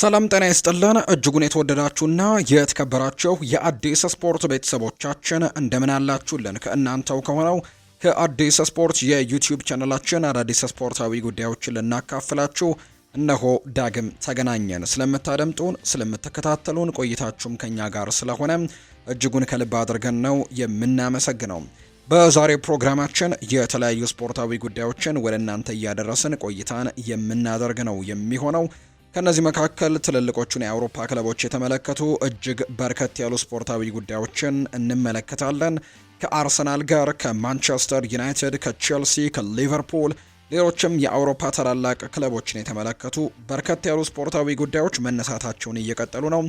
ሰላም ጤና ይስጥልን እጅጉን የተወደዳችሁና የተከበራችሁ የአዲስ ስፖርት ቤተሰቦቻችን እንደምን አላችሁልን? ከእናንተው ከሆነው ከአዲስ ስፖርት የዩቲዩብ ቻናላችን አዳዲስ ስፖርታዊ ጉዳዮችን ልናካፍላችሁ እነሆ ዳግም ተገናኘን። ስለምታደምጡን፣ ስለምትከታተሉን ቆይታችሁም ከኛ ጋር ስለሆነ እጅጉን ከልብ አድርገን ነው የምናመሰግነው። በዛሬ ፕሮግራማችን የተለያዩ ስፖርታዊ ጉዳዮችን ወደ እናንተ እያደረስን ቆይታን የምናደርግ ነው የሚሆነው ከእነዚህ መካከል ትልልቆቹን የአውሮፓ ክለቦች የተመለከቱ እጅግ በርከት ያሉ ስፖርታዊ ጉዳዮችን እንመለከታለን። ከአርሰናል ጋር፣ ከማንቸስተር ዩናይትድ፣ ከቼልሲ፣ ከሊቨርፑል ሌሎችም የአውሮፓ ታላላቅ ክለቦችን የተመለከቱ በርከት ያሉ ስፖርታዊ ጉዳዮች መነሳታቸውን እየቀጠሉ ነው።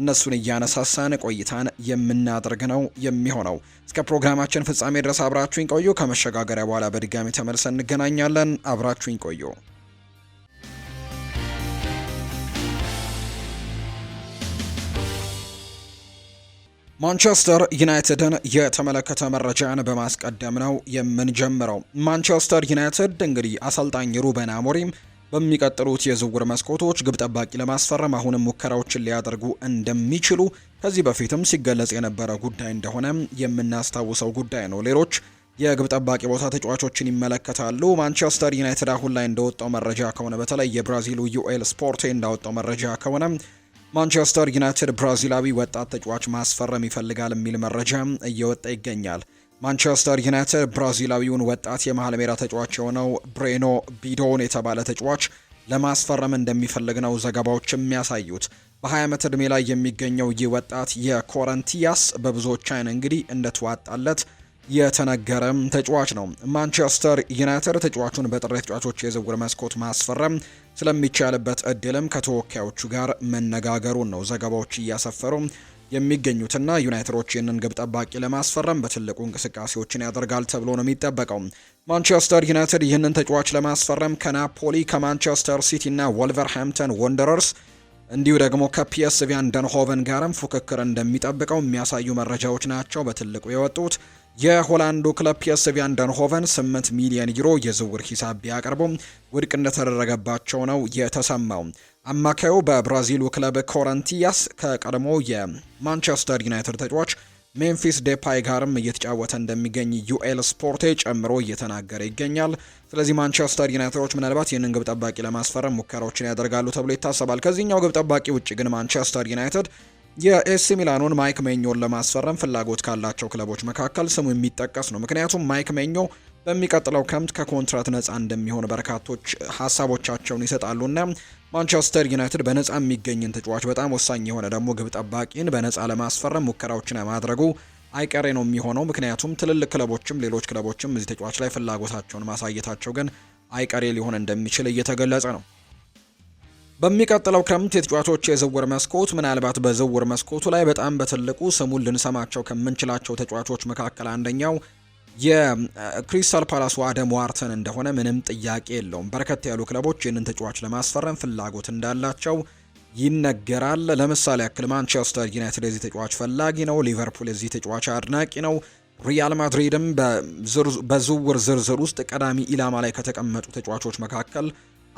እነሱን እያነሳሳን ቆይታን የምናደርግ ነው የሚሆነው። እስከ ፕሮግራማችን ፍጻሜ ድረስ አብራችሁኝ ቆዩ። ከመሸጋገሪያ በኋላ በድጋሚ ተመልሰን እንገናኛለን። አብራችሁኝ ቆዩ። ማንቸስተር ዩናይትድን የተመለከተ መረጃን በማስቀደም ነው የምንጀምረው። ማንቸስተር ዩናይትድ እንግዲህ አሰልጣኝ ሩበን አሞሪም በሚቀጥሉት የዝውውር መስኮቶች ግብ ጠባቂ ለማስፈረም አሁንም ሙከራዎችን ሊያደርጉ እንደሚችሉ ከዚህ በፊትም ሲገለጽ የነበረ ጉዳይ እንደሆነ የምናስታውሰው ጉዳይ ነው። ሌሎች የግብ ጠባቂ ቦታ ተጫዋቾችን ይመለከታሉ። ማንቸስተር ዩናይትድ አሁን ላይ እንደወጣው መረጃ ከሆነ በተለይ የብራዚሉ ዩኤል ስፖርቴ እንዳወጣው መረጃ ከሆነ ማንቸስተር ዩናይትድ ብራዚላዊ ወጣት ተጫዋች ማስፈረም ይፈልጋል የሚል መረጃ እየወጣ ይገኛል። ማንቸስተር ዩናይትድ ብራዚላዊውን ወጣት የመሃል ሜዳ ተጫዋች የሆነው ብሬኖ ቢዶን የተባለ ተጫዋች ለማስፈረም እንደሚፈልግ ነው ዘገባዎች የሚያሳዩት። በ20 ዓመት ዕድሜ ላይ የሚገኘው ይህ ወጣት የኮረንቲያስ በብዙዎች አይን እንግዲህ እንደተዋጣለት የተነገረም ተጫዋች ነው። ማንቸስተር ዩናይትድ ተጫዋቹን በጥሬ ተጫዋቾች የዝውውር መስኮት ማስፈረም ስለሚቻልበት እድልም ከተወካዮቹ ጋር መነጋገሩን ነው ዘገባዎች እያሰፈሩ የሚገኙትና ዩናይትዶች ይህንን ግብ ጠባቂ ለማስፈረም በትልቁ እንቅስቃሴዎችን ያደርጋል ተብሎ ነው የሚጠበቀው። ማንቸስተር ዩናይትድ ይህንን ተጫዋች ለማስፈረም ከናፖሊ፣ ከማንቸስተር ሲቲ እና ወልቨርሃምፕተን ወንደረርስ እንዲሁ ደግሞ ከፒኤስቪ አይንድሆቨን ጋርም ፉክክር እንደሚጠብቀው የሚያሳዩ መረጃዎች ናቸው በትልቁ የወጡት። የሆላንዱ ክለብ ፒኤስቪ አንደንሆቨን 8 ሚሊዮን ዩሮ የዝውውር ሂሳብ ቢያቀርቡም ውድቅ እንደተደረገባቸው ነው የተሰማው። አማካዩ በብራዚሉ ክለብ ኮረንቲያስ ከቀድሞ የማንቸስተር ዩናይትድ ተጫዋች ሜምፊስ ዴፓይ ጋርም እየተጫወተ እንደሚገኝ ዩኤል ስፖርቴ ጨምሮ እየተናገረ ይገኛል። ስለዚህ ማንቸስተር ዩናይትዶች ምናልባት ይህንን ግብ ጠባቂ ለማስፈረም ሙከራዎችን ያደርጋሉ ተብሎ ይታሰባል። ከዚህኛው ግብ ጠባቂ ውጭ ግን ማንቸስተር ዩናይትድ የኤሲ ሚላኑን ማይክ ሜኞን ለማስፈረም ፍላጎት ካላቸው ክለቦች መካከል ስሙ የሚጠቀስ ነው። ምክንያቱም ማይክ ሜኞ በሚቀጥለው ክረምት ከኮንትራት ነፃ እንደሚሆን በርካቶች ሀሳቦቻቸውን ይሰጣሉና ማንቸስተር ዩናይትድ በነፃ የሚገኝን ተጫዋች በጣም ወሳኝ የሆነ ደግሞ ግብ ጠባቂን በነፃ ለማስፈረም ሙከራዎችን ማድረጉ አይቀሬ ነው የሚሆነው። ምክንያቱም ትልልቅ ክለቦችም ሌሎች ክለቦችም እዚህ ተጫዋች ላይ ፍላጎታቸውን ማሳየታቸው ግን አይቀሬ ሊሆን እንደሚችል እየተገለጸ ነው። በሚቀጥለው ክረምት የተጫዋቾች የዝውውር መስኮት ምናልባት በዝውውር መስኮቱ ላይ በጣም በትልቁ ስሙን ልንሰማቸው ከምንችላቸው ተጫዋቾች መካከል አንደኛው የክሪስታል ፓላሱ አደም ዋርተን እንደሆነ ምንም ጥያቄ የለውም። በርከት ያሉ ክለቦች ይህንን ተጫዋች ለማስፈረም ፍላጎት እንዳላቸው ይነገራል። ለምሳሌ ያክል ማንቸስተር ዩናይትድ የዚህ ተጫዋች ፈላጊ ነው። ሊቨርፑል የዚህ ተጫዋች አድናቂ ነው። ሪያል ማድሪድም በዝውውር ዝርዝር ውስጥ ቀዳሚ ኢላማ ላይ ከተቀመጡ ተጫዋቾች መካከል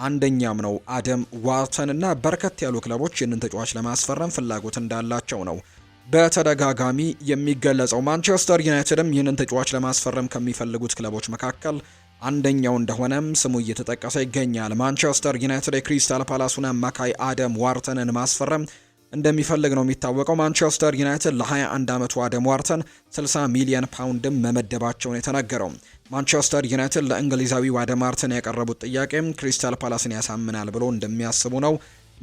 አንደኛም ነው። አደም ዋርተን እና በርከት ያሉ ክለቦች ይህንን ተጫዋች ለማስፈረም ፍላጎት እንዳላቸው ነው በተደጋጋሚ የሚገለጸው። ማንቸስተር ዩናይትድም ይህንን ተጫዋች ለማስፈረም ከሚፈልጉት ክለቦች መካከል አንደኛው እንደሆነም ስሙ እየተጠቀሰ ይገኛል። ማንቸስተር ዩናይትድ የክሪስታል ፓላሱን አማካይ አደም ዋርተንን ማስፈረም እንደሚፈልግ ነው የሚታወቀው። ማንቸስተር ዩናይትድ ለ21 ዓመቱ አደም ዋርተን 60 ሚሊዮን ፓውንድም መመደባቸውን የተነገረው ማንቸስተር ዩናይትድ ለእንግሊዛዊ ዋደ ማርትን ያቀረቡት ጥያቄም ክሪስታል ፓላስን ያሳምናል ብሎ እንደሚያስቡ ነው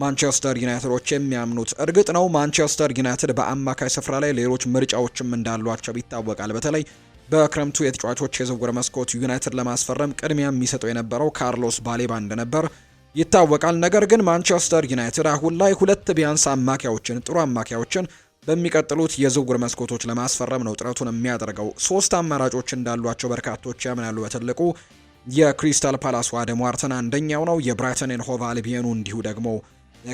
ማንቸስተር ዩናይትዶች የሚያምኑት። እርግጥ ነው ማንቸስተር ዩናይትድ በአማካይ ስፍራ ላይ ሌሎች ምርጫዎችም እንዳሏቸው ይታወቃል። በተለይ በክረምቱ የተጫዋቾች የዝውውር መስኮት ዩናይትድ ለማስፈረም ቅድሚያ የሚሰጠው የነበረው ካርሎስ ባሌባ እንደነበር ይታወቃል። ነገር ግን ማንቸስተር ዩናይትድ አሁን ላይ ሁለት ቢያንስ አማካዮችን ጥሩ አማካዮችን በሚቀጥሉት የዝውውር መስኮቶች ለማስፈረም ነው ጥረቱን የሚያደርገው። ሶስት አማራጮች እንዳሏቸው በርካቶች ያምናሉ። በትልቁ የክሪስታል ፓላስ ዋደም ዋርተን አንደኛው ነው። የብራይተንን ሆቭ አልቢየኑ እንዲሁ ደግሞ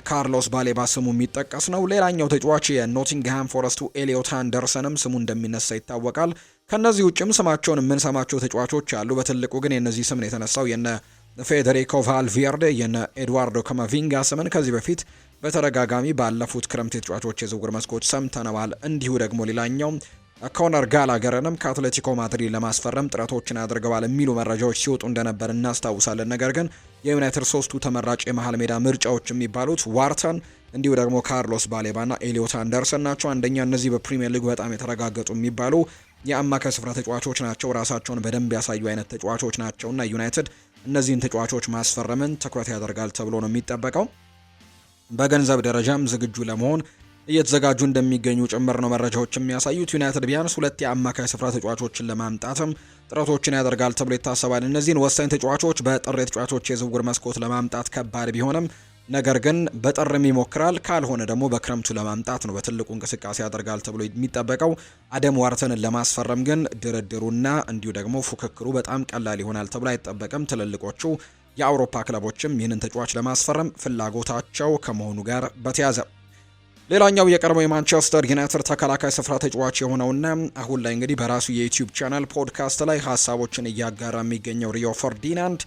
ካርሎስ ባሌባ ስሙ የሚጠቀስ ነው። ሌላኛው ተጫዋች የኖቲንግሃም ፎረስቱ ኤሊዮት አንደርሰንም ስሙ እንደሚነሳ ይታወቃል። ከነዚህ ውጭም ስማቸውን የምንሰማቸው ተጫዋቾች አሉ። በትልቁ ግን የነዚህ ስምን የተነሳው የነ ፌዴሪኮ ቫልቪርዴ የነ ኤድዋርዶ ከማቪንጋ ስምን ከዚህ በፊት በተደጋጋሚ ባለፉት ክረምት የተጫዋቾች የዝውውር መስኮች ሰምተነዋል። እንዲሁ ደግሞ ሌላኛው ኮነር ጋላገርንም ከአትሌቲኮ ማድሪድ ለማስፈረም ጥረቶችን አድርገዋል የሚሉ መረጃዎች ሲወጡ እንደነበር እናስታውሳለን። ነገር ግን የዩናይትድ ሶስቱ ተመራጭ የመሀል ሜዳ ምርጫዎች የሚባሉት ዋርተን፣ እንዲሁ ደግሞ ካርሎስ ባሌባና ኤሊዮት አንደርሰን ናቸው። አንደኛ እነዚህ በፕሪምየር ሊግ በጣም የተረጋገጡ የሚባሉ የአማካይ ስፍራ ተጫዋቾች ናቸው። ራሳቸውን በደንብ ያሳዩ አይነት ተጫዋቾች ናቸውና ዩናይትድ እነዚህን ተጫዋቾች ማስፈረምን ትኩረት ያደርጋል ተብሎ ነው የሚጠበቀው። በገንዘብ ደረጃም ዝግጁ ለመሆን እየተዘጋጁ እንደሚገኙ ጭምር ነው መረጃዎች የሚያሳዩት። ዩናይትድ ቢያንስ ሁለት የአማካይ ስፍራ ተጫዋቾችን ለማምጣትም ጥረቶችን ያደርጋል ተብሎ ይታሰባል። እነዚህን ወሳኝ ተጫዋቾች በጥር የተጫዋቾች የዝውውር መስኮት ለማምጣት ከባድ ቢሆንም ነገር ግን በጥርም ይሞክራል። ካልሆነ ደግሞ በክረምቱ ለማምጣት ነው በትልቁ እንቅስቃሴ ያደርጋል ተብሎ የሚጠበቀው። አደም ዋርተንን ለማስፈረም ግን ድርድሩና እንዲሁ ደግሞ ፉክክሩ በጣም ቀላል ይሆናል ተብሎ አይጠበቅም። ትልልቆቹ የአውሮፓ ክለቦችም ይህንን ተጫዋች ለማስፈረም ፍላጎታቸው ከመሆኑ ጋር በተያዘ ሌላኛው የቀድሞ የማንቸስተር ዩናይትድ ተከላካይ ስፍራ ተጫዋች የሆነውና አሁን ላይ እንግዲህ በራሱ የዩቲዩብ ቻናል ፖድካስት ላይ ሀሳቦችን እያጋራ የሚገኘው ሪዮ ፈርዲናንድ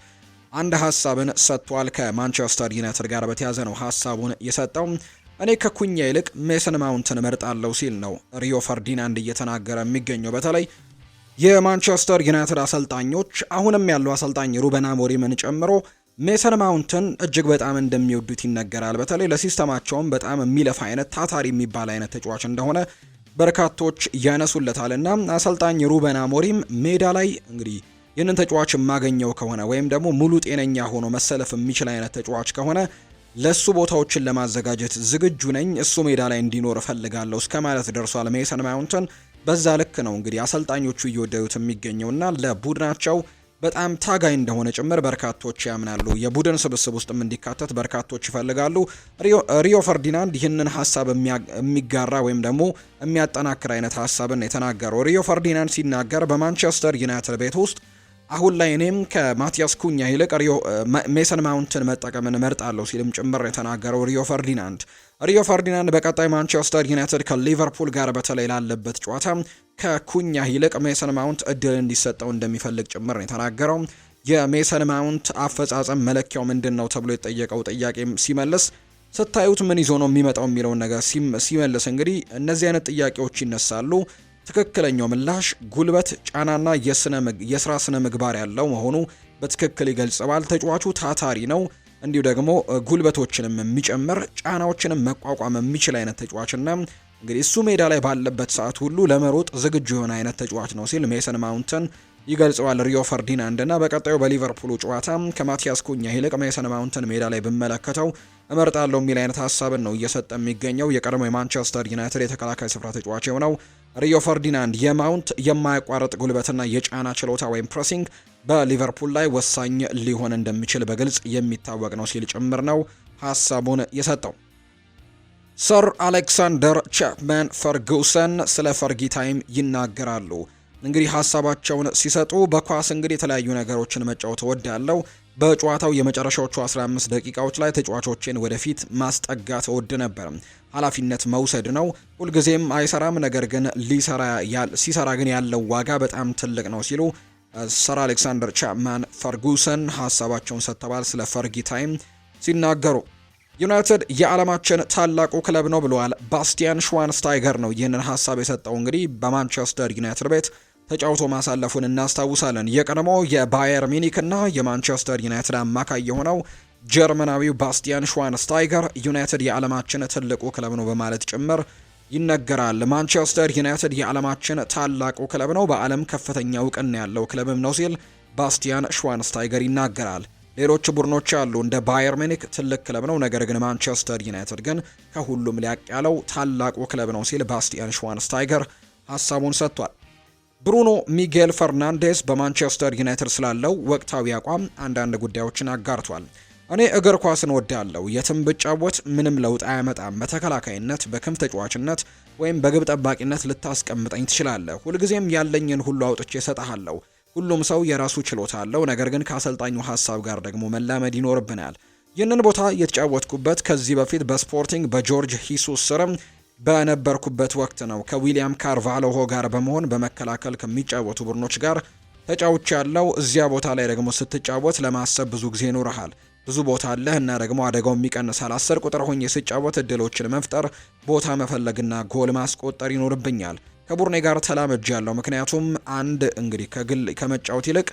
አንድ ሀሳብን ሰጥቷል። ከማንቸስተር ዩናይትድ ጋር በተያዘ ነው ሀሳቡን የሰጠው። እኔ ከኩኛ ይልቅ ሜሰን ማውንትን መርጣለው ሲል ነው ሪዮ ፈርዲናንድ እየተናገረ የሚገኘው። በተለይ የማንቸስተር ዩናይትድ አሰልጣኞች አሁንም ያለው አሰልጣኝ ሩበን አሞሪምን ጨምሮ ሜሰን ማውንትን እጅግ በጣም እንደሚወዱት ይነገራል። በተለይ ለሲስተማቸውም በጣም የሚለፋ አይነት ታታሪ የሚባል አይነት ተጫዋች እንደሆነ በርካቶች ያነሱለታል እና አሰልጣኝ ሩበን አሞሪም ሜዳ ላይ እንግዲህ ይህንን ተጫዋች የማገኘው ከሆነ ወይም ደግሞ ሙሉ ጤነኛ ሆኖ መሰለፍ የሚችል አይነት ተጫዋች ከሆነ ለሱ ቦታዎችን ለማዘጋጀት ዝግጁ ነኝ፣ እሱ ሜዳ ላይ እንዲኖር እፈልጋለሁ እስከ ማለት ደርሷል ሜሰን ማውንትን በዛ ልክ ነው እንግዲህ አሰልጣኞቹ እየወደዱት የሚገኘውና ለቡድናቸው በጣም ታጋይ እንደሆነ ጭምር በርካቶች ያምናሉ። የቡድን ስብስብ ውስጥም እንዲካተት በርካቶች ይፈልጋሉ። ሪዮ ፈርዲናንድ ይህንን ሀሳብ የሚጋራ ወይም ደግሞ የሚያጠናክር አይነት ሀሳብን የተናገረው ሪዮ ፈርዲናንድ ሲናገር በማንቸስተር ዩናይትድ ቤት ውስጥ አሁን ላይ እኔም ከማቲያስ ኩኛ ይልቅ ሜሰን ማውንትን መጠቀምን መርጣለሁ ሲልም ጭምር የተናገረው ሪዮ ፈርዲናንድ ሪዮ ፈርዲናንድ በቀጣይ ማንቸስተር ዩናይትድ ከሊቨርፑል ጋር በተለይ ላለበት ጨዋታ ከኩኛ ይልቅ ሜሰን ማውንት እድል እንዲሰጠው እንደሚፈልግ ጭምር ነው የተናገረው። የሜሰን ማውንት አፈጻጸም መለኪያው ምንድን ነው ተብሎ የጠየቀው ጥያቄ ሲመልስ ስታዩት ምን ይዞ ነው የሚመጣው የሚለውን ነገር ሲመልስ እንግዲህ እነዚህ አይነት ጥያቄዎች ይነሳሉ። ትክክለኛው ምላሽ ጉልበት፣ ጫናና የስራ ስነ ምግባር ያለው መሆኑ በትክክል ይገልጸዋል። ተጫዋቹ ታታሪ ነው። እንዲሁ ደግሞ ጉልበቶችንም የሚጨምር ጫናዎችንም መቋቋም የሚችል አይነት ተጫዋችና እንግዲህ እሱ ሜዳ ላይ ባለበት ሰዓት ሁሉ ለመሮጥ ዝግጁ የሆነ አይነት ተጫዋች ነው ሲል ሜሰን ማውንትን ይገልጸዋል። ሪዮ ፈርዲናንድ እና በቀጣዩ በሊቨርፑሉ ጨዋታ ከማቲያስ ኩኛ ይልቅ ሜሰን ማውንትን ሜዳ ላይ ብመለከተው እመርጣለሁ የሚል አይነት ሀሳብን ነው እየሰጠ የሚገኘው የቀድሞ የማንቸስተር ዩናይትድ የተከላካይ ስፍራ ተጫዋች የሆነው ሪዮ ፈርዲናንድ የማውንት የማያቋርጥ ጉልበትና የጫና ችሎታ ወይም ፕሬሲንግ በሊቨርፑል ላይ ወሳኝ ሊሆን እንደሚችል በግልጽ የሚታወቅ ነው ሲል ጭምር ነው ሀሳቡን የሰጠው። ሰር አሌክሳንደር ቻፕማን ፈርጉሰን ስለ ፈርጊ ታይም ይናገራሉ። እንግዲህ ሀሳባቸውን ሲሰጡ በኳስ እንግዲህ የተለያዩ ነገሮችን መጫወት እወዳለሁ። በጨዋታው የመጨረሻዎቹ 15 ደቂቃዎች ላይ ተጫዋቾችን ወደፊት ማስጠጋት እወድ ነበር። ኃላፊነት መውሰድ ነው ሁልጊዜም አይሰራም፣ ነገር ግን ሲሰራ ግን ያለው ዋጋ በጣም ትልቅ ነው ሲሉ ሰር አሌክሳንደር ቻፕማን ፈርጉሰን ሀሳባቸውን ሰጥተዋል። ስለ ፈርጊ ታይም ሲናገሩ ዩናይትድ የዓለማችን ታላቁ ክለብ ነው ብለዋል። ባስቲያን ሽዋንስታይገር ነው ይህንን ሀሳብ የሰጠው። እንግዲህ በማንቸስተር ዩናይትድ ቤት ተጫውቶ ማሳለፉን እናስታውሳለን። የቀድሞ የባየር ሚኒክ እና የማንቸስተር ዩናይትድ አማካይ የሆነው ጀርመናዊው ባስቲያን ሽዋንስታይገር ዩናይትድ የዓለማችን ትልቁ ክለብ ነው በማለት ጭምር ይነገራል። ማንቸስተር ዩናይትድ የዓለማችን ታላቁ ክለብ ነው፣ በዓለም ከፍተኛ እውቅና ያለው ክለብም ነው ሲል ባስቲያን ሽዋንስታይገር ይናገራል። ሌሎች ቡድኖች አሉ፣ እንደ ባየር ሚኒክ ትልቅ ክለብ ነው፣ ነገር ግን ማንቸስተር ዩናይትድ ግን ከሁሉም ሊያቅ ያለው ታላቁ ክለብ ነው ሲል ባስቲያን ሽዋንስታይገር ሀሳቡን ሰጥቷል። ብሩኖ ሚጌል ፈርናንዴስ በማንቸስተር ዩናይትድ ስላለው ወቅታዊ አቋም አንዳንድ ጉዳዮችን አጋርቷል። እኔ እግር ኳስን ወዳለው የትም ብጫወት ምንም ለውጥ አያመጣም። በተከላካይነት፣ በክንፍ ተጫዋችነት ወይም በግብ ጠባቂነት ልታስቀምጠኝ ትችላለህ። ሁልጊዜም ያለኝን ሁሉ አውጥቼ እሰጥሃለሁ። ሁሉም ሰው የራሱ ችሎታ አለው። ነገር ግን ከአሰልጣኙ ሀሳብ ጋር ደግሞ መላመድ ይኖርብናል። ይህንን ቦታ የተጫወትኩበት ከዚህ በፊት በስፖርቲንግ በጆርጅ ሂሱስ ስርም በነበርኩበት ወቅት ነው። ከዊሊያም ካርቫሎሆ ጋር በመሆን በመከላከል ከሚጫወቱ ቡድኖች ጋር ተጫውቻለሁ። እዚያ ቦታ ላይ ደግሞ ስትጫወት ለማሰብ ብዙ ጊዜ ይኖረሃል። ብዙ ቦታ አለ እና ደግሞ አደጋው የሚቀንሳል። አስር ቁጥር ሆኜ ስጫወት እድሎችን መፍጠር፣ ቦታ መፈለግና ጎል ማስቆጠር ይኖርብኛል። ከቡርኔ ጋር ተላመጅ ያለው ምክንያቱም አንድ እንግዲህ ከግል ከመጫወት ይልቅ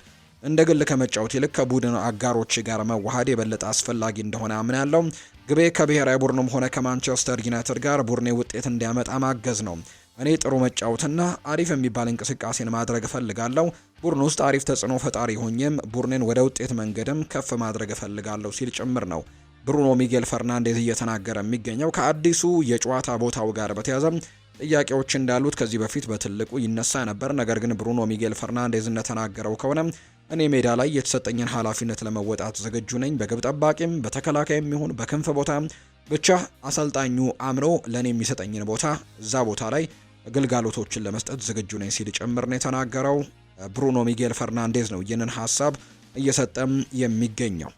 እንደ ግል ከመጫወት ይልቅ ከቡድን አጋሮች ጋር መዋሃድ የበለጠ አስፈላጊ እንደሆነ አምናለሁ። ግቤ ከብሔራዊ ቡድኑም ሆነ ከማንቸስተር ዩናይትድ ጋር ቡርኔ ውጤት እንዲያመጣ ማገዝ ነው። እኔ ጥሩ መጫወትና አሪፍ የሚባል እንቅስቃሴን ማድረግ እፈልጋለሁ። ቡድን ውስጥ አሪፍ ተጽዕኖ ፈጣሪ ሆኜም ቡድንን ወደ ውጤት መንገድም ከፍ ማድረግ እፈልጋለሁ ሲል ጭምር ነው ብሩኖ ሚጌል ፈርናንዴዝ እየተናገረ የሚገኘው። ከአዲሱ የጨዋታ ቦታው ጋር በተያያዘ ጥያቄዎች እንዳሉት ከዚህ በፊት በትልቁ ይነሳ ነበር። ነገር ግን ብሩኖ ሚጌል ፈርናንዴዝ እንደተናገረው ከሆነ እኔ ሜዳ ላይ የተሰጠኝን ኃላፊነት ለመወጣት ዝግጁ ነኝ። በግብ ጠባቂም በተከላካይም ይሁን በክንፍ ቦታ ብቻ አሰልጣኙ አምኖ ለእኔ የሚሰጠኝን ቦታ እዛ ቦታ ላይ ግልጋሎቶችን ለመስጠት ዝግጁ ነኝ ሲል ጭምር ነው የተናገረው። ብሩኖ ሚጌል ፈርናንዴዝ ነው ይህንን ሀሳብ እየሰጠም የሚገኘው።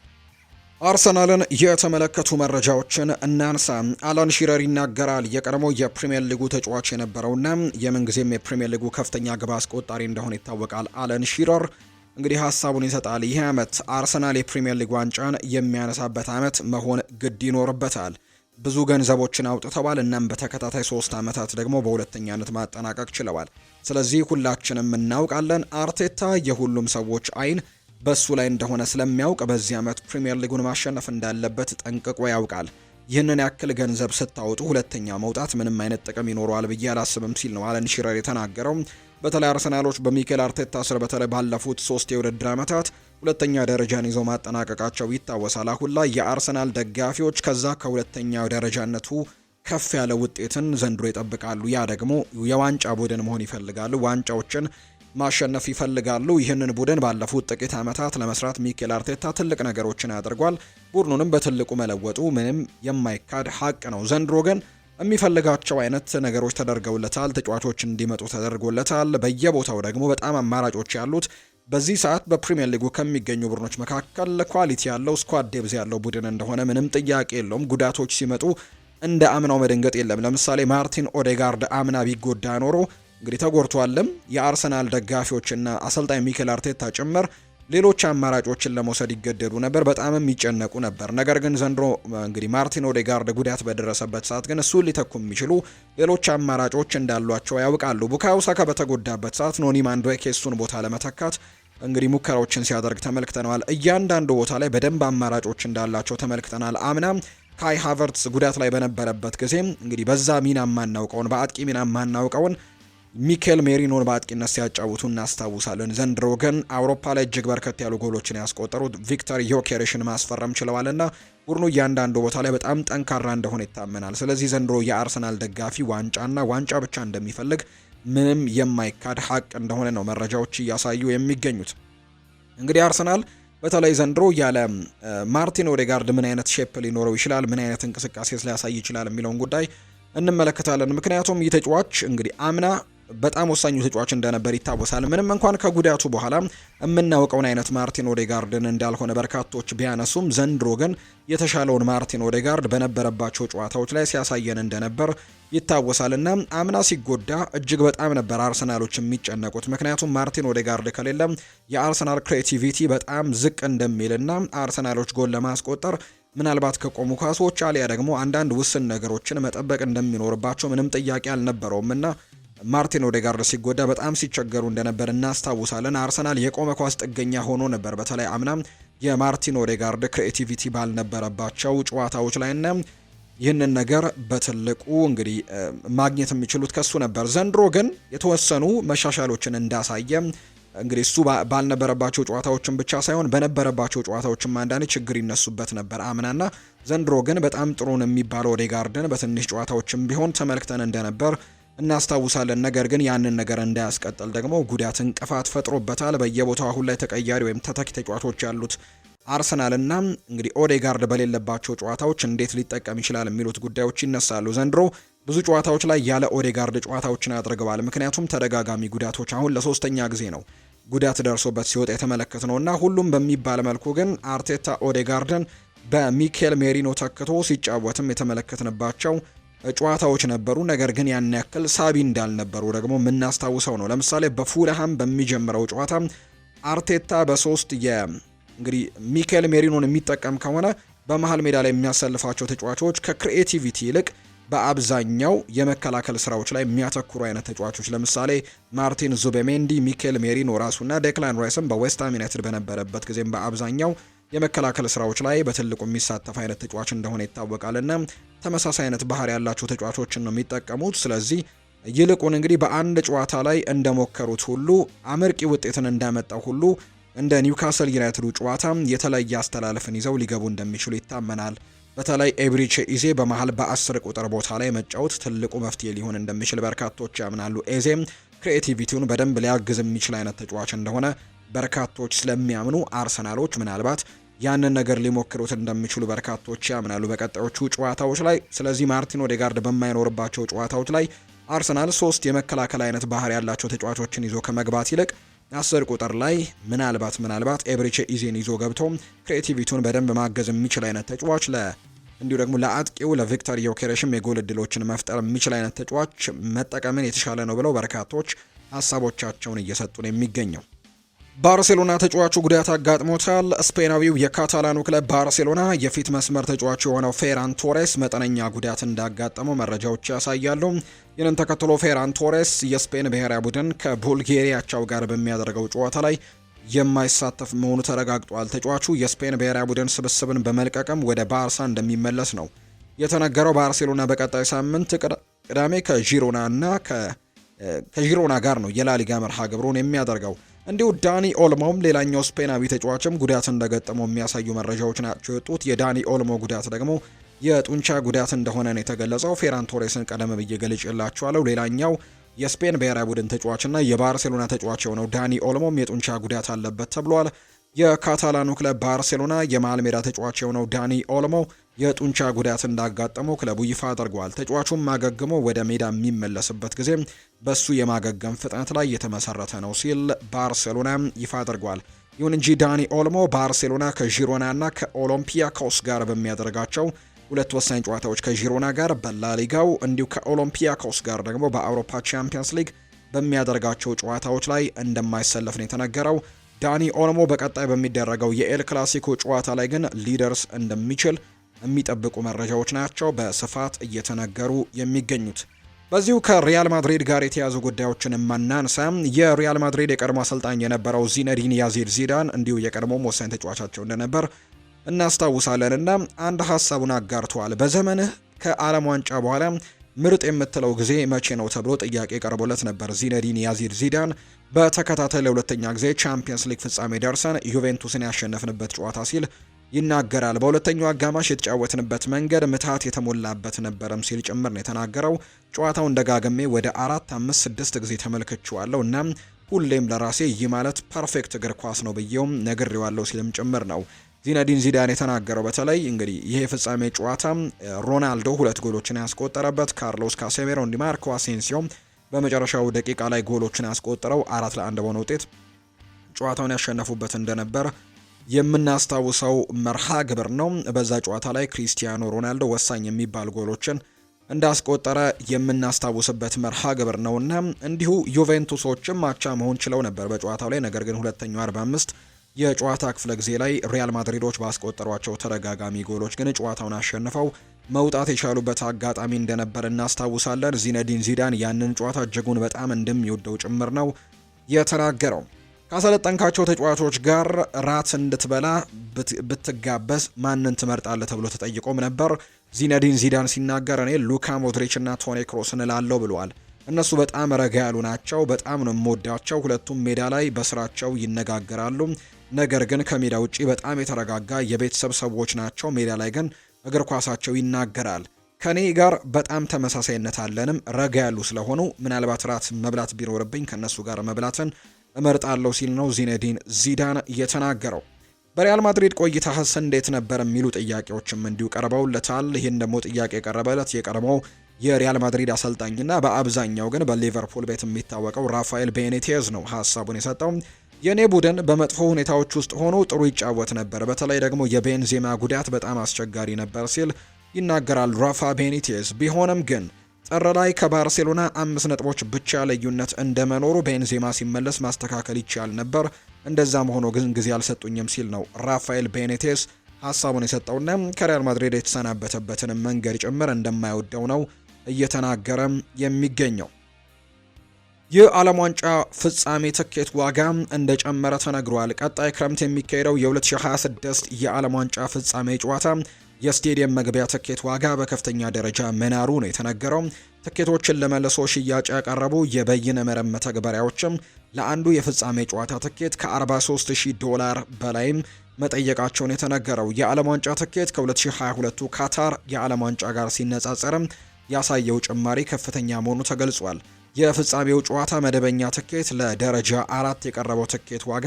አርሰናልን የተመለከቱ መረጃዎችን እናንሳ። አላን ሺረር ይናገራል። የቀድሞ የፕሪምየር ሊጉ ተጫዋች የነበረውና የምንጊዜም የፕሪምየር ሊጉ ከፍተኛ ግብ አስቆጣሪ እንደሆነ ይታወቃል። አለን ሺረር እንግዲህ ሀሳቡን ይሰጣል። ይህ ዓመት አርሰናል የፕሪምየር ሊግ ዋንጫን የሚያነሳበት ዓመት መሆን ግድ ይኖርበታል። ብዙ ገንዘቦችን አውጥተዋል። እናም በተከታታይ ሶስት ዓመታት ደግሞ በሁለተኛነት ማጠናቀቅ ችለዋል። ስለዚህ ሁላችንም እናውቃለን አርቴታ የሁሉም ሰዎች አይን በሱ ላይ እንደሆነ ስለሚያውቅ በዚህ ዓመት ፕሪምየር ሊጉን ማሸነፍ እንዳለበት ጠንቅቆ ያውቃል። ይህንን ያክል ገንዘብ ስታወጡ ሁለተኛ መውጣት ምንም አይነት ጥቅም ይኖረዋል ብዬ አላስብም ሲል ነው አለን ሽረር የተናገረው። በተለይ አርሰናሎች በሚኬል አርቴታ ስር በተለይ ባለፉት ሶስት የውድድር ዓመታት ሁለተኛ ደረጃን ይዞ ማጠናቀቃቸው ይታወሳል። አሁን ላይ የአርሰናል ደጋፊዎች ከዛ ከሁለተኛው ደረጃነቱ ከፍ ያለ ውጤትን ዘንድሮ ይጠብቃሉ። ያ ደግሞ የዋንጫ ቡድን መሆን ይፈልጋሉ። ዋንጫዎችን ማሸነፍ ይፈልጋሉ። ይህንን ቡድን ባለፉት ጥቂት ዓመታት ለመስራት ሚኬል አርቴታ ትልቅ ነገሮችን አድርጓል። ቡድኑንም በትልቁ መለወጡ ምንም የማይካድ ሀቅ ነው። ዘንድሮ ግን የሚፈልጋቸው አይነት ነገሮች ተደርገውለታል። ተጫዋቾች እንዲመጡ ተደርጎለታል። በየቦታው ደግሞ በጣም አማራጮች ያሉት በዚህ ሰዓት በፕሪምየር ሊጉ ከሚገኙ ቡድኖች መካከል ኳሊቲ ያለው ስኳድ ዴብዝ ያለው ቡድን እንደሆነ ምንም ጥያቄ የለውም። ጉዳቶች ሲመጡ እንደ አምናው መደንገጥ የለም። ለምሳሌ ማርቲን ኦዴጋርድ አምና ቢጎዳ ኖሮ እንግዲህ ተጎድቷልም የአርሰናል ደጋፊዎችና አሰልጣኝ ሚኬል አርቴታ ጭምር ሌሎች አማራጮችን ለመውሰድ ይገደዱ ነበር፣ በጣምም ይጨነቁ ነበር። ነገር ግን ዘንድሮ እንግዲህ ማርቲን ኦዴጋርድ ጉዳት በደረሰበት ሰዓት ግን እሱን ሊተኩ የሚችሉ ሌሎች አማራጮች እንዳሏቸው ያውቃሉ። ቡካዮ ሳካ በተጎዳበት ሰዓት ኖኒ ማንዱዌኬ እሱን ቦታ ለመተካት እንግዲህ ሙከራዎችን ሲያደርግ ተመልክተነዋል። እያንዳንዱ ቦታ ላይ በደንብ አማራጮች እንዳላቸው ተመልክተናል። አምናም ካይ ሃቨርትስ ጉዳት ላይ በነበረበት ጊዜ እንግዲህ በዛ ሚና ማናውቀውን በአጥቂ ሚና ማናውቀውን ሚኬል ሜሪኖን በአጥቂነት ሲያጫውቱ እናስታውሳለን። ዘንድሮ ግን አውሮፓ ላይ እጅግ በርከት ያሉ ጎሎችን ያስቆጠሩት ቪክተር ዮኬሬሽን ማስፈረም ችለዋልና ቡድኑ እያንዳንዱ ቦታ ላይ በጣም ጠንካራ እንደሆነ ይታመናል። ስለዚህ ዘንድሮ የአርሰናል ደጋፊ ዋንጫና ዋንጫ ብቻ እንደሚፈልግ ምንም የማይካድ ሀቅ እንደሆነ ነው መረጃዎች እያሳዩ የሚገኙት። እንግዲህ አርሰናል በተለይ ዘንድሮ ያለ ማርቲን ኦዴጋርድ ምን አይነት ሼፕ ሊኖረው ይችላል፣ ምን አይነት እንቅስቃሴ ሊያሳይ ይችላል የሚለውን ጉዳይ እንመለከታለን። ምክንያቱም ይህ ተጫዋች እንግዲህ አምና በጣም ወሳኙ ተጫዋች እንደነበር ይታወሳል። ምንም እንኳን ከጉዳቱ በኋላ የምናውቀውን አይነት ማርቲን ኦዴጋርድን እንዳልሆነ በርካቶች ቢያነሱም ዘንድሮ ግን የተሻለውን ማርቲን ኦዴጋርድ በነበረባቸው ጨዋታዎች ላይ ሲያሳየን እንደነበር ይታወሳል እና አምና ሲጎዳ እጅግ በጣም ነበር አርሰናሎች የሚጨነቁት። ምክንያቱም ማርቲን ኦዴጋርድ ከሌለም የአርሰናል ክሬቲቪቲ በጣም ዝቅ እንደሚል እና አርሰናሎች ጎል ለማስቆጠር ምናልባት ከቆሙ ኳሶች አሊያ ደግሞ አንዳንድ ውስን ነገሮችን መጠበቅ እንደሚኖርባቸው ምንም ጥያቄ አልነበረውም እና ማርቲን ኦዴጋርድ ሲጎዳ በጣም ሲቸገሩ እንደነበር እናስታውሳለን። አርሰናል የቆመ ኳስ ጥገኛ ሆኖ ነበር። በተለይ አምናም የማርቲን ኦዴጋርድ ክሬቲቪቲ ባልነበረባቸው ጨዋታዎች ላይ ና ይህንን ነገር በትልቁ እንግዲህ ማግኘት የሚችሉት ከሱ ነበር። ዘንድሮ ግን የተወሰኑ መሻሻሎችን እንዳሳየ እንግዲህ እሱ ባልነበረባቸው ጨዋታዎችን ብቻ ሳይሆን በነበረባቸው ጨዋታዎችም አንዳንድ ችግር ይነሱበት ነበር አምናና፣ ዘንድሮ ግን በጣም ጥሩን የሚባለው ኦዴጋርድን በትንሽ ጨዋታዎችም ቢሆን ተመልክተን እንደነበር እናስታውሳለን። ነገር ግን ያንን ነገር እንዳያስቀጥል ደግሞ ጉዳት እንቅፋት ፈጥሮበታል። በየቦታው አሁን ላይ ተቀያሪ ወይም ተተኪ ተጫዋቾች ያሉት አርሰናል እና እንግዲህ ኦዴጋርድ በሌለባቸው ጨዋታዎች እንዴት ሊጠቀም ይችላል የሚሉት ጉዳዮች ይነሳሉ። ዘንድሮ ብዙ ጨዋታዎች ላይ ያለ ኦዴጋርድ ጨዋታዎችን አድርገዋል። ምክንያቱም ተደጋጋሚ ጉዳቶች አሁን ለሶስተኛ ጊዜ ነው ጉዳት ደርሶበት ሲወጣ የተመለከት ነው እና ሁሉም በሚባል መልኩ ግን አርቴታ ኦዴጋርድን በሚኬል ሜሪኖ ተክቶ ሲጫወትም የተመለከትንባቸው ጨዋታዎች ነበሩ። ነገር ግን ያን ያክል ሳቢ እንዳልነበሩ ደግሞ የምናስታውሰው ነው። ለምሳሌ በፉልሃም በሚጀምረው ጨዋታ አርቴታ በሶስት እንግዲህ ሚካኤል ሜሪኖን የሚጠቀም ከሆነ በመሀል ሜዳ ላይ የሚያሰልፋቸው ተጫዋቾች ከክሪኤቲቪቲ ይልቅ በአብዛኛው የመከላከል ስራዎች ላይ የሚያተኩሩ አይነት ተጫዋቾች ለምሳሌ ማርቲን ዙቤሜንዲ፣ ሚኬል ሜሪኖ ራሱና ዴክላን ራይስም በዌስትሃም ዩናይትድ በነበረበት ጊዜም በአብዛኛው የመከላከል ስራዎች ላይ በትልቁ የሚሳተፍ አይነት ተጫዋች እንደሆነ ይታወቃልና ተመሳሳይ አይነት ባህሪ ያላቸው ተጫዋቾችን ነው የሚጠቀሙት። ስለዚህ ይልቁን እንግዲህ በአንድ ጨዋታ ላይ እንደሞከሩት ሁሉ አመርቂ ውጤትን እንዳመጣው ሁሉ እንደ ኒውካስል ዩናይትዱ ጨዋታ የተለየ አስተላለፍን ይዘው ሊገቡ እንደሚችሉ ይታመናል። በተለይ ኤብሪቼ ኢዜ በመሀል በአስር ቁጥር ቦታ ላይ መጫወት ትልቁ መፍትሄ ሊሆን እንደሚችል በርካቶች ያምናሉ። ኤዜም ክሬኤቲቪቲውን በደንብ ሊያግዝ የሚችል አይነት ተጫዋች እንደሆነ በርካቶች ስለሚያምኑ አርሰናሎች ምናልባት ያንን ነገር ሊሞክሩት እንደሚችሉ በርካቶች ያምናሉ በቀጣዮቹ ጨዋታዎች ላይ። ስለዚህ ማርቲን ኦዴጋርድ በማይኖርባቸው ጨዋታዎች ላይ አርሰናል ሶስት የመከላከል አይነት ባህር ያላቸው ተጫዋቾችን ይዞ ከመግባት ይልቅ አስር ቁጥር ላይ ምናልባት ምናልባት ኤብሪቼ ኢዜን ይዞ ገብቶ ክሬቲቪቱን በደንብ ማገዝ የሚችል አይነት ተጫዋች ለ እንዲሁ ደግሞ ለአጥቂው ለቪክተር ዮኬሬሽም የጎል እድሎችን መፍጠር የሚችል አይነት ተጫዋች መጠቀምን የተሻለ ነው ብለው በርካቶች ሀሳቦቻቸውን እየሰጡ ነው የሚገኘው። ባርሴሎና ተጫዋቹ ጉዳት አጋጥሞታል። ስፔናዊው የካታላኑ ክለብ ባርሴሎና የፊት መስመር ተጫዋቹ የሆነው ፌራን ቶሬስ መጠነኛ ጉዳት እንዳጋጠመው መረጃዎች ያሳያሉ። ይህንን ተከትሎ ፌራን ቶሬስ የስፔን ብሔራዊ ቡድን ከቡልጌሪያቻው ጋር በሚያደርገው ጨዋታ ላይ የማይሳተፍ መሆኑ ተረጋግጧል። ተጫዋቹ የስፔን ብሔራዊ ቡድን ስብስብን በመልቀቅም ወደ ባርሳ እንደሚመለስ ነው የተነገረው። ባርሴሎና በቀጣይ ሳምንት ቅዳሜ ከዢሮና እና ከዢሮና ጋር ነው የላሊጋ መርሃ ግብሩን የሚያደርገው። እንዲሁ ዳኒ ኦልሞም ሌላኛው ስፔናዊ ተጫዋችም ጉዳት እንደገጠመው የሚያሳዩ መረጃዎች ናቸው የወጡት። የዳኒ ኦልሞ ጉዳት ደግሞ የጡንቻ ጉዳት እንደሆነ ነው የተገለጸው። ፌራን ቶሬስን ቀደም ብዬ ገልጬላችኋለሁ። ሌላኛው የስፔን ብሔራዊ ቡድን ተጫዋችና የባርሴሎና ተጫዋች የሆነው ዳኒ ኦልሞም የጡንቻ ጉዳት አለበት ተብሏል። የካታላኑ ክለብ ባርሴሎና የመሃል ሜዳ ተጫዋች የሆነው ዳኒ ኦልሞ የጡንቻ ጉዳት እንዳጋጠመው ክለቡ ይፋ አድርጓል። ተጫዋቹም ማገግሞ ወደ ሜዳ የሚመለስበት ጊዜ በሱ የማገገም ፍጥነት ላይ የተመሰረተ ነው ሲል ባርሴሎና ይፋ አድርጓል። ይሁን እንጂ ዳኒ ኦልሞ ባርሴሎና ከዢሮና እና ከኦሎምፒያኮስ ጋር በሚያደርጋቸው ሁለት ወሳኝ ጨዋታዎች ከዢሮና ጋር በላሊጋው እንዲሁ ከኦሎምፒያኮስ ጋር ደግሞ በአውሮፓ ቻምፒየንስ ሊግ በሚያደርጋቸው ጨዋታዎች ላይ እንደማይሰለፍ ነው የተነገረው። ዳኒ ኦልሞ በቀጣይ በሚደረገው የኤል ክላሲኮ ጨዋታ ላይ ግን ሊደርስ እንደሚችል የሚጠብቁ መረጃዎች ናቸው በስፋት እየተነገሩ የሚገኙት። በዚሁ ከሪያል ማድሪድ ጋር የተያዙ ጉዳዮችን የማናንሳ የሪያል ማድሪድ የቀድሞ አሰልጣኝ የነበረው ዚነዲን ያዚድ ዚዳን እንዲሁ የቀድሞ ወሳኝ ተጫዋቻቸው እንደነበር እናስታውሳለን እና አንድ ሀሳቡን አጋርተዋል። በዘመንህ ከዓለም ዋንጫ በኋላ ምርጥ የምትለው ጊዜ መቼ ነው ተብሎ ጥያቄ ቀርቦለት ነበር። ዚነዲን ያዚድ ዚዳን በተከታታይ ለሁለተኛ ጊዜ ቻምፒየንስ ሊግ ፍጻሜ ደርሰን ዩቬንቱስን ያሸነፍንበት ጨዋታ ሲል ይናገራል። በሁለተኛው አጋማሽ የተጫወትንበት መንገድ ምትሃት የተሞላበት ነበረም ሲል ጭምር ነው የተናገረው። ጨዋታውን ደጋግሜ ወደ አራት አምስት ስድስት ጊዜ ተመልክቼዋለሁ እና ሁሌም ለራሴ ይህ ማለት ፐርፌክት እግር ኳስ ነው ብዬውም ነግሬዋለሁ ሲልም ጭምር ነው ዚነዲን ዚዳን የተናገረው። በተለይ እንግዲህ ይህ የፍጻሜ ጨዋታ ሮናልዶ ሁለት ጎሎችን ያስቆጠረበት፣ ካርሎስ ካሴሜሮ እንዲ ማርኮ አሴንሲዮ በመጨረሻው ደቂቃ ላይ ጎሎችን ያስቆጠረው አራት ለአንድ በሆነ ውጤት ጨዋታውን ያሸነፉበት እንደነበር የምናስታውሰው መርሃ ግብር ነው። በዛ ጨዋታ ላይ ክሪስቲያኖ ሮናልዶ ወሳኝ የሚባል ጎሎችን እንዳስቆጠረ የምናስታውስበት መርሃ ግብር ነውና እንዲሁ ዩቬንቱሶችም አቻ መሆን ችለው ነበር በጨዋታው ላይ ነገር ግን ሁለተኛው 45 የጨዋታ ክፍለ ጊዜ ላይ ሪያል ማድሪዶች ባስቆጠሯቸው ተደጋጋሚ ጎሎች ግን ጨዋታውን አሸንፈው መውጣት የቻሉበት አጋጣሚ እንደነበር እናስታውሳለን። ዚነዲን ዚዳን ያንን ጨዋታ እጅጉን በጣም እንደሚወደው ጭምር ነው የተናገረው። ካሰለጠንካቸው ተጫዋቾች ጋር ራት እንድትበላ ብትጋበዝ ማንን ትመርጣለህ ተብሎ ተጠይቆም ነበር። ዚነዲን ዚዳን ሲናገር እኔ ሉካ ሞድሪች እና ቶኒ ክሮስን እላለሁ ብለዋል። እነሱ በጣም ረጋ ያሉ ናቸው። በጣም ነው የምወዳቸው። ሁለቱም ሜዳ ላይ በስራቸው ይነጋገራሉ። ነገር ግን ከሜዳ ውጪ በጣም የተረጋጋ የቤተሰብ ሰዎች ናቸው። ሜዳ ላይ ግን እግር ኳሳቸው ይናገራል። ከኔ ጋር በጣም ተመሳሳይነት አለንም። ረጋ ያሉ ስለሆኑ ምናልባት ራት መብላት ቢኖርብኝ ከእነሱ ጋር መብላትን እመርጣለሁ ሲል ነው ዚነዲን ዚዳን የተናገረው። በሪያል ማድሪድ ቆይታህስ እንዴት ነበር የሚሉ ጥያቄዎችም እንዲሁ ቀርበውለታል። ይህን ደግሞ ጥያቄ የቀረበለት የቀድሞው የሪያል ማድሪድ አሰልጣኝና በአብዛኛው ግን በሊቨርፑል ቤት የሚታወቀው ራፋኤል ቤኔቴዝ ነው ሀሳቡን የሰጠው። የእኔ ቡድን በመጥፎ ሁኔታዎች ውስጥ ሆኖ ጥሩ ይጫወት ነበር፣ በተለይ ደግሞ የቤንዜማ ጉዳት በጣም አስቸጋሪ ነበር ሲል ይናገራል ራፋ ቤኒቴዝ ቢሆንም ግን ጸረ ላይ ከባርሴሎና አምስት ነጥቦች ብቻ ልዩነት እንደመኖሩ ቤንዜማ ሲመለስ ማስተካከል ይቻል ነበር፣ እንደዛም ሆኖ ግን ጊዜ አልሰጡኝም ሲል ነው ራፋኤል ቤኔቴስ ሀሳቡን የሰጠውና ከሪያል ማድሪድ የተሰናበተበትን መንገድ ጭምር እንደማይወደው ነው እየተናገረም የሚገኘው። ዓለም ዋንጫ ፍጻሜ ትኬት ዋጋ እንደጨመረ ተነግሯል። ቀጣይ ክረምት የሚካሄደው የ2026 የዓለም ዋንጫ ፍጻሜ ጨዋታ የስቴዲየም መግቢያ ትኬት ዋጋ በከፍተኛ ደረጃ መናሩ ነው የተነገረው። ትኬቶችን ለመልሶ ሽያጭ ያቀረቡ የበይነ መረብ መተግበሪያዎችም ለአንዱ የፍጻሜ ጨዋታ ትኬት ከ43000 ዶላር በላይም መጠየቃቸውን የተነገረው የዓለም ዋንጫ ትኬት ከ 2022 ካታር የዓለም ዋንጫ ጋር ሲነጻጸርም ያሳየው ጭማሪ ከፍተኛ መሆኑ ተገልጿል። የፍጻሜው ጨዋታ መደበኛ ትኬት ለደረጃ አራት የቀረበው ትኬት ዋጋ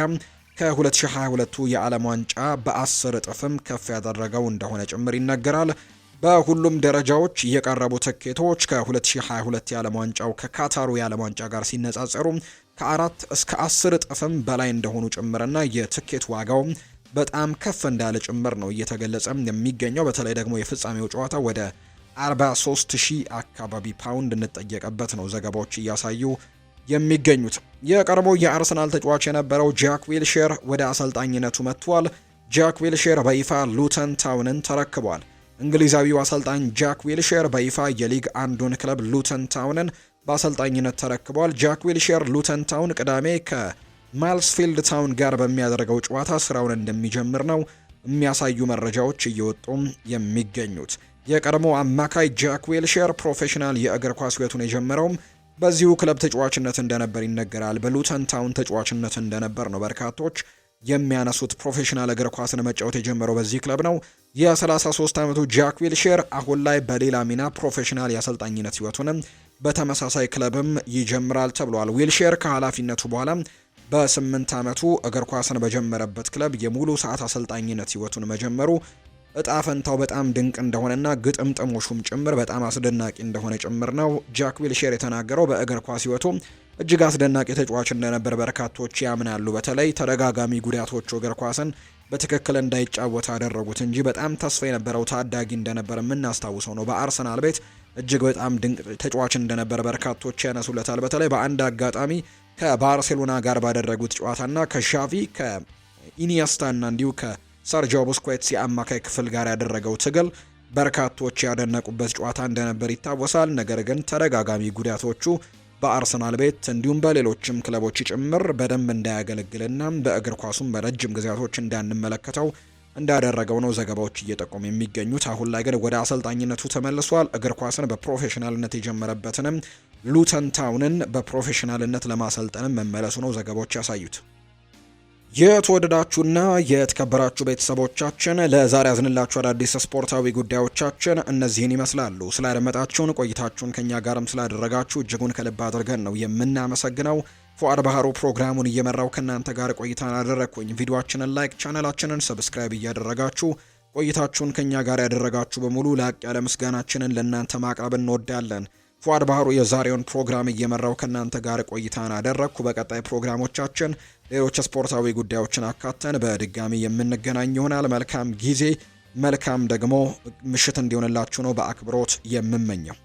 ከ2022ቱ የዓለም ዋንጫ በአስር እጥፍም ከፍ ያደረገው እንደሆነ ጭምር ይነገራል። በሁሉም ደረጃዎች የቀረቡ ትኬቶች ከ2022 የዓለም ዋንጫው ከካታሩ የዓለም ዋንጫ ጋር ሲነጻጸሩ ከአራት እስከ አስር እጥፍም በላይ እንደሆኑ ጭምርና የትኬት ዋጋው በጣም ከፍ እንዳለ ጭምር ነው እየተገለጸ የሚገኘው። በተለይ ደግሞ የፍጻሜው ጨዋታ ወደ 43 ሺህ አካባቢ ፓውንድ እንጠየቀበት ነው ዘገባዎች እያሳዩ የሚገኙት። የቀድሞ የአርሰናል ተጫዋች የነበረው ጃክ ዊልሼር ወደ አሰልጣኝነቱ መጥቷል። ጃክ ዊልሼር በይፋ ሉተን ታውንን ተረክቧል። እንግሊዛዊው አሰልጣኝ ጃክ ዊልሼር በይፋ የሊግ አንዱን ክለብ ሉተን ታውንን በአሰልጣኝነት ተረክቧል። ጃክ ዊልሼር ሉተን ታውን ቅዳሜ ከማልስፊልድ ታውን ጋር በሚያደርገው ጨዋታ ስራውን እንደሚጀምር ነው የሚያሳዩ መረጃዎች እየወጡም የሚገኙት። የቀድሞ አማካይ ጃክ ዌልሼር ፕሮፌሽናል የእግር ኳስ ህይወቱን የጀመረውም በዚሁ ክለብ ተጫዋችነት እንደነበር ይነገራል። በሉተን ታውን ተጫዋችነት እንደነበር ነው በርካቶች የሚያነሱት። ፕሮፌሽናል እግር ኳስን መጫወት የጀመረው በዚህ ክለብ ነው። የ33 ዓመቱ ጃክ ዊልሼር አሁን ላይ በሌላ ሚና ፕሮፌሽናል የአሰልጣኝነት ህይወቱንም በተመሳሳይ ክለብም ይጀምራል ተብሏል። ዊልሼር ከኃላፊነቱ በኋላ በስምንት ዓመቱ እግር ኳስን በጀመረበት ክለብ የሙሉ ሰዓት አሰልጣኝነት ህይወቱን መጀመሩ እጣ ፈንታው በጣም ድንቅ እንደሆነና ግጥምጥሞሹም ጭምር በጣም አስደናቂ እንደሆነ ጭምር ነው ጃክ ዊልሼር የተናገረው። በእግር ኳስ ህይወቱ እጅግ አስደናቂ ተጫዋች እንደነበር በርካቶች ያምናሉ። በተለይ ተደጋጋሚ ጉዳቶቹ እግር ኳስን በትክክል እንዳይጫወት አደረጉት እንጂ በጣም ተስፋ የነበረው ታዳጊ እንደነበር የምናስታውሰው ነው። በአርሰናል ቤት እጅግ በጣም ድንቅ ተጫዋች እንደነበር በርካቶች ያነሱለታል። በተለይ በአንድ አጋጣሚ ከባርሴሎና ጋር ባደረጉት ጨዋታና ከሻቪ ከኢኒየስታና እንዲሁ ከ ሰርጂዮ ቡስኬትስ የአማካይ ክፍል ጋር ያደረገው ትግል በርካቶች ያደነቁበት ጨዋታ እንደነበር ይታወሳል። ነገር ግን ተደጋጋሚ ጉዳቶቹ በአርሰናል ቤት እንዲሁም በሌሎችም ክለቦች ጭምር በደንብ እንዳያገለግልና በእግር ኳሱም በረጅም ጊዜያቶች እንዳንመለከተው እንዳደረገው ነው ዘገባዎች እየጠቆሙ የሚገኙት። አሁን ላይ ግን ወደ አሰልጣኝነቱ ተመልሷል። እግር ኳስን በፕሮፌሽናልነት የጀመረበትንም ሉተን ታውንን በፕሮፌሽናልነት ለማሰልጠንም መመለሱ ነው ዘገባዎች ያሳዩት። የተወደዳችሁና የተከበራችሁ ቤተሰቦቻችን ለዛሬ ያዝንላችሁ አዳዲስ ስፖርታዊ ጉዳዮቻችን እነዚህን ይመስላሉ። ስላደመጣችሁን ቆይታችሁን ከኛ ጋርም ስላደረጋችሁ እጅጉን ከልብ አድርገን ነው የምናመሰግነው። ፉአድ ባህሩ ፕሮግራሙን እየመራው ከእናንተ ጋር ቆይታን አደረግኩኝ። ቪዲዮችንን ላይክ፣ ቻናላችንን ሰብስክራይብ እያደረጋችሁ ቆይታችሁን ከኛ ጋር ያደረጋችሁ በሙሉ ላቅ ያለ ምስጋናችንን ለእናንተ ማቅረብ እንወዳለን። ፏድ ባህሩ የዛሬውን ፕሮግራም እየመራው ከእናንተ ጋር ቆይታን አደረግኩ። በቀጣይ ፕሮግራሞቻችን ሌሎች ስፖርታዊ ጉዳዮችን አካተን በድጋሚ የምንገናኝ ይሆናል። መልካም ጊዜ፣ መልካም ደግሞ ምሽት እንዲሆንላችሁ ነው በአክብሮት የምመኘው።